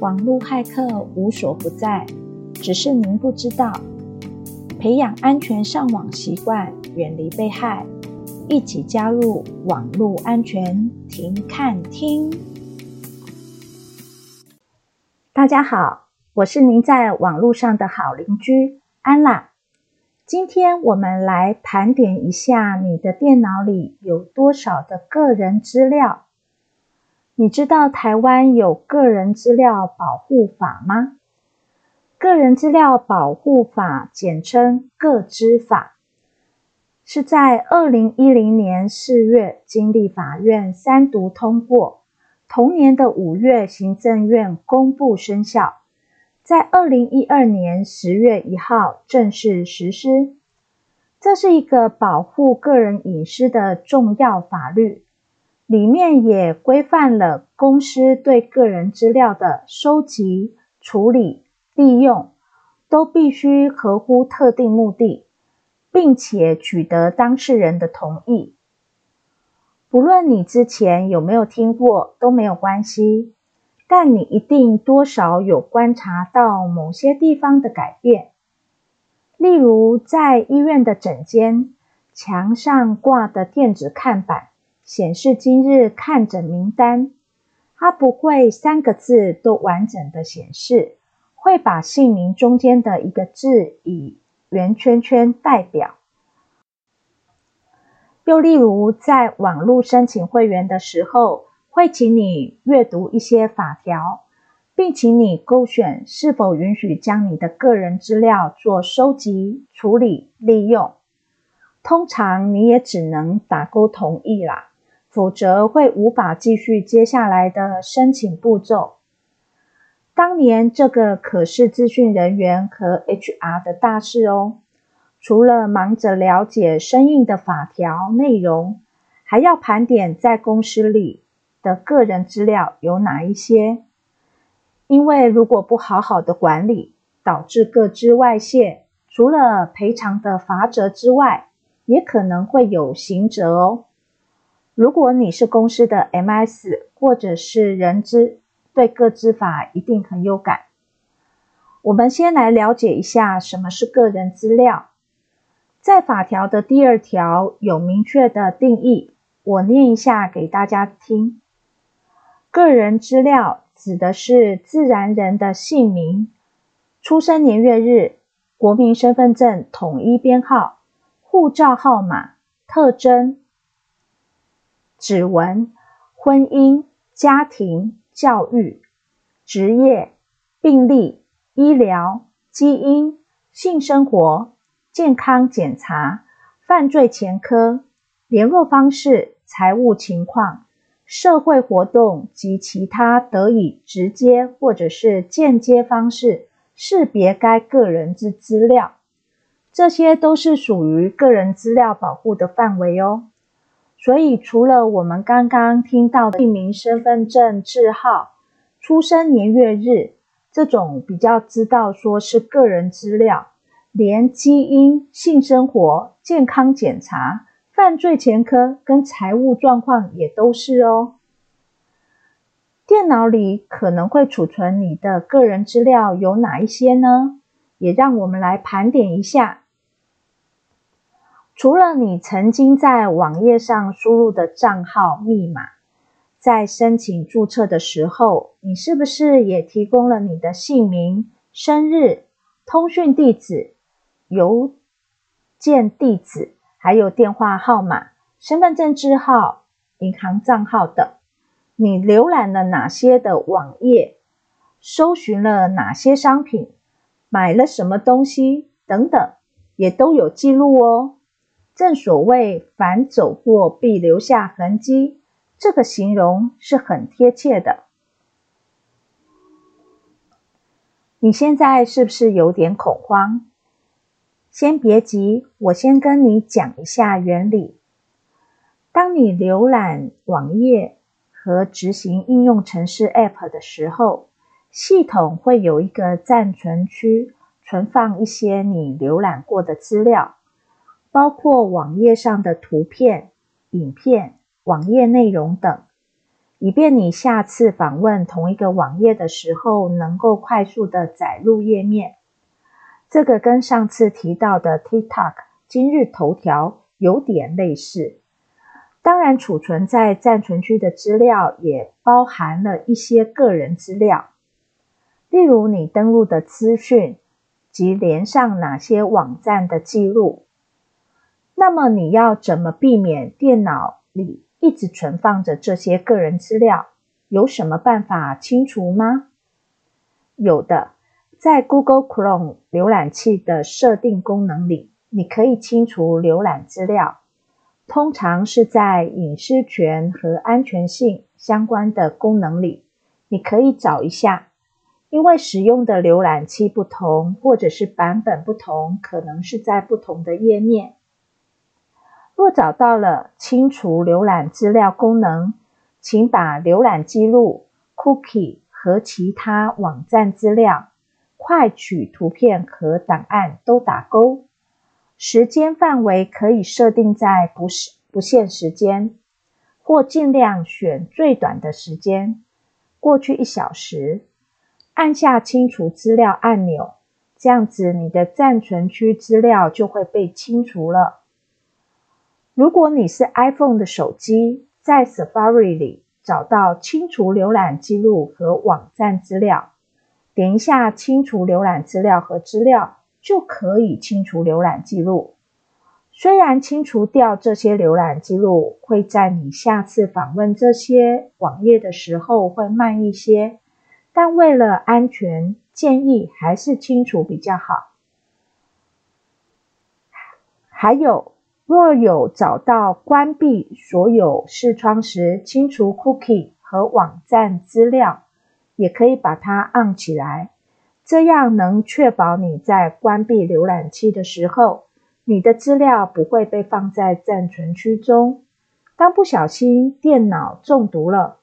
網絡駭客無所不在，只是您不知道。培養安全上網習慣，遠離被害，一起加入網絡安全停看聽。大家好，我是您在網絡上的好鄰居安啦。今天我們來盤點一下你的電腦裡有多少的個人資料。你知道台灣有個人資料保護法嗎？個人資料保護法，簡稱個資法，是在二零一零年四月經立法院三讀通過，同年的五月行政院公布生效，在二零一二年十月一號正式實施。這是一個保護個人隱私的重要法律。裡面也規範了公司對個人資料的收集、處理、利用，都必須合乎特定目的，並且取得當事人的同意。不論你之前有沒有聽過都沒有關係，但你一定多少有觀察到某些地方的改變，例如在醫院的診間牆上掛的電子看板。顯示今日看診名單，它不會三個字都完整的顯示，會把姓名中間的一個字以圓圈圈代表。又例如，在網路申請會員的時候，會請你閱讀一些法條，並請你勾選是否允許將你的個人資料做收集、處理、利用。通常你也只能打勾同意啦。否則會無法繼續接下來的申請步驟。當年這個可是資訊人員和 HR 的大事哦。除了忙着了解生硬的法條內容，還要盤點在公司裡的個人資料有哪一些。因為如果不好好的管理，導致個資外洩，除了賠償的罰則之外，也可能會有刑責哦。如果你是公司的 MS 或者是人資，對個資法一定很有感。我們先來了解一下什麼是個人資料，在法條的第二條有明確的定義，我念一下給大家聽。個人資料指的是自然人的姓名、出生年月日、國民身份證統一編號、護照號碼、特徵。指紋、婚姻、家庭、教育、職業、病歷、醫療、基因、性生活、健康檢查、犯罪前科、聯絡方式、財務情況、社會活動及其他得以直接或者是間接方式識別該個人之資料，這些都是屬於個人資料保護的範圍哦。所以，除了我們剛剛聽到的姓名、身份證字號、出生年月日這種比較知道說是個人資料，連基因、性生活、健康檢查、犯罪前科跟財務狀況也都是哦。電腦裡可能會儲存你的個人資料有哪一些呢？也讓我們來盤點一下。除了你曾經在網頁上輸入的賬號密碼，在申請注冊的時候，你是不是也提供了你的姓名、生日、通訊地址、郵件地址，還有電話號碼、身份證字號、銀行賬號等？你瀏覽了哪些的網頁，搜尋了哪些商品，買了什麼東西等等，也都有記錄哦。正所謂“凡走過，必留下痕跡”，這個形容是很貼切的。你現在是不是有點恐慌？先別急，我先跟你講一下原理。當你瀏覽網頁和執行應用程式 App 的時候，系統會有一個暫存區，存放一些你瀏覽過的資料。包括網頁上的圖片、影片、網頁內容等，以便你下次訪問同一個網頁的時候能夠快速的載入頁面。這個跟上次提到的 TikTok、今日頭條有點類似。當然，儲存在暫存區的資料也包含了一些個人資料，例如你登錄的資訊及連上哪些網站的記錄。那麼你要怎麼避免電腦裡一直存放着這些個人資料？有什麼辦法清除嗎？有的，在 Google Chrome 瀏覽器的設定功能裡，你可以清除瀏覽資料。通常是在隱私權和安全性相關的功能裡，你可以找一下。因為使用的瀏覽器不同，或者是版本不同，可能是在不同的頁面。若找到了清除瀏覽資料功能，請把瀏覽記錄、cookie 和其他網站資料、快取圖片和檔案都打勾。時間範圍可以設定在不是不限時間，或盡量選最短的時間，過去一小時。按下清除資料按鈕，這樣子你的暫存區資料就會被清除了。如果你是 iPhone 的手機，在 Safari 裡找到清除瀏覽記錄和網站資料，點一下清除瀏覽資料和資料，就可以清除瀏覽記錄。雖然清除掉這些瀏覽記錄會在你下次訪問這些網頁的時候會慢一些，但為了安全，建議還是清除比較好。還有，若有找到關閉所有視窗時清除 cookie 和網站資料，也可以把它按起來，這樣能確保你在關閉瀏覽器的時候，你的資料不會被放在暫存區中。當不小心電腦中毒了，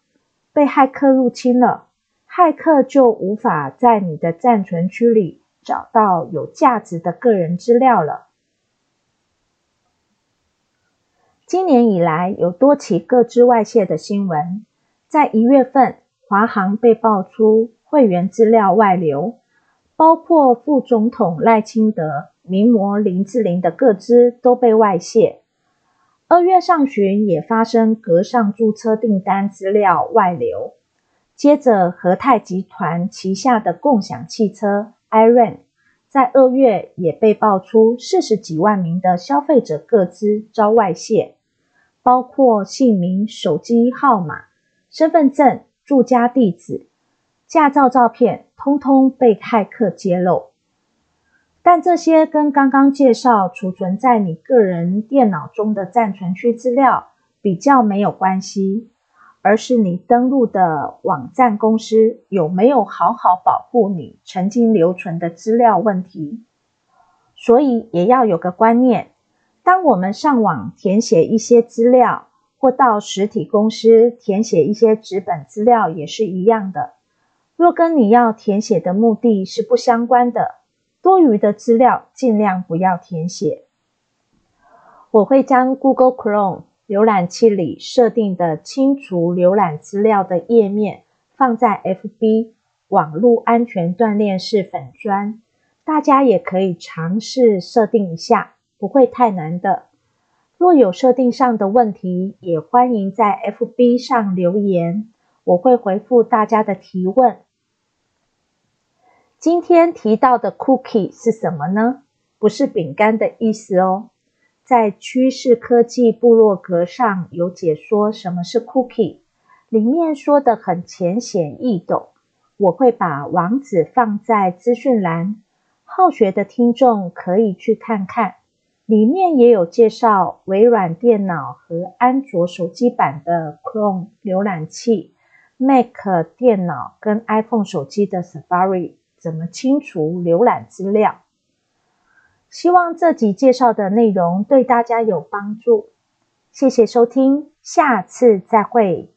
被駭客入侵了，駭客就無法在你的暫存區裡找到有價值的個人資料了。今年以來有多起個資外泄的新聞，在一月份，華航被爆出會員資料外流，包括副總統賴清德、名模林志玲的個資都被外泄。二月上旬也發生格上租車訂單資料外流，接着和泰集團旗下的共享汽車 iRent 在二月也被爆出四十幾萬名的消費者個資遭外泄，包括姓名、手機號碼、身份證、住家地址、駕照照片，通通被駭客揭露。但這些跟剛剛介紹儲存在你個人電腦中的暫存區資料比較沒有關係。而是你登錄的網站公司有沒有好好保護你曾經留存的資料問題，所以也要有個觀念：當我們上網填寫一些資料，或到實體公司填寫一些紙本資料，也是一樣的。若跟你要填寫的目的是不相關的，多餘的資料盡量不要填寫。我會將 Google Chrome 瀏覽器裡設定的清除瀏覽資料的頁面，放在 F B 網路安全鍛鍊室粉專，大家也可以嘗試設定一下，不會太難的。若有設定上的問題，也歡迎在 F B 上留言，我會回復大家的提問。今天提到的 Cookie 是什麼呢？不是餅乾的意思哦。在趨勢科技部落格上有解說什麼是 cookie，裡面說的很淺顯易懂，我會把網址放在資訊欄，好學的聽眾可以去看看，裡面也有介紹微軟電腦和安卓手機版的 Chrome 瀏覽器、Mac 電腦跟 iPhone 手機的 Safari 怎麼清除瀏覽資料。希望這集介紹的內容對大家有幫助，謝謝收聽，下次再會。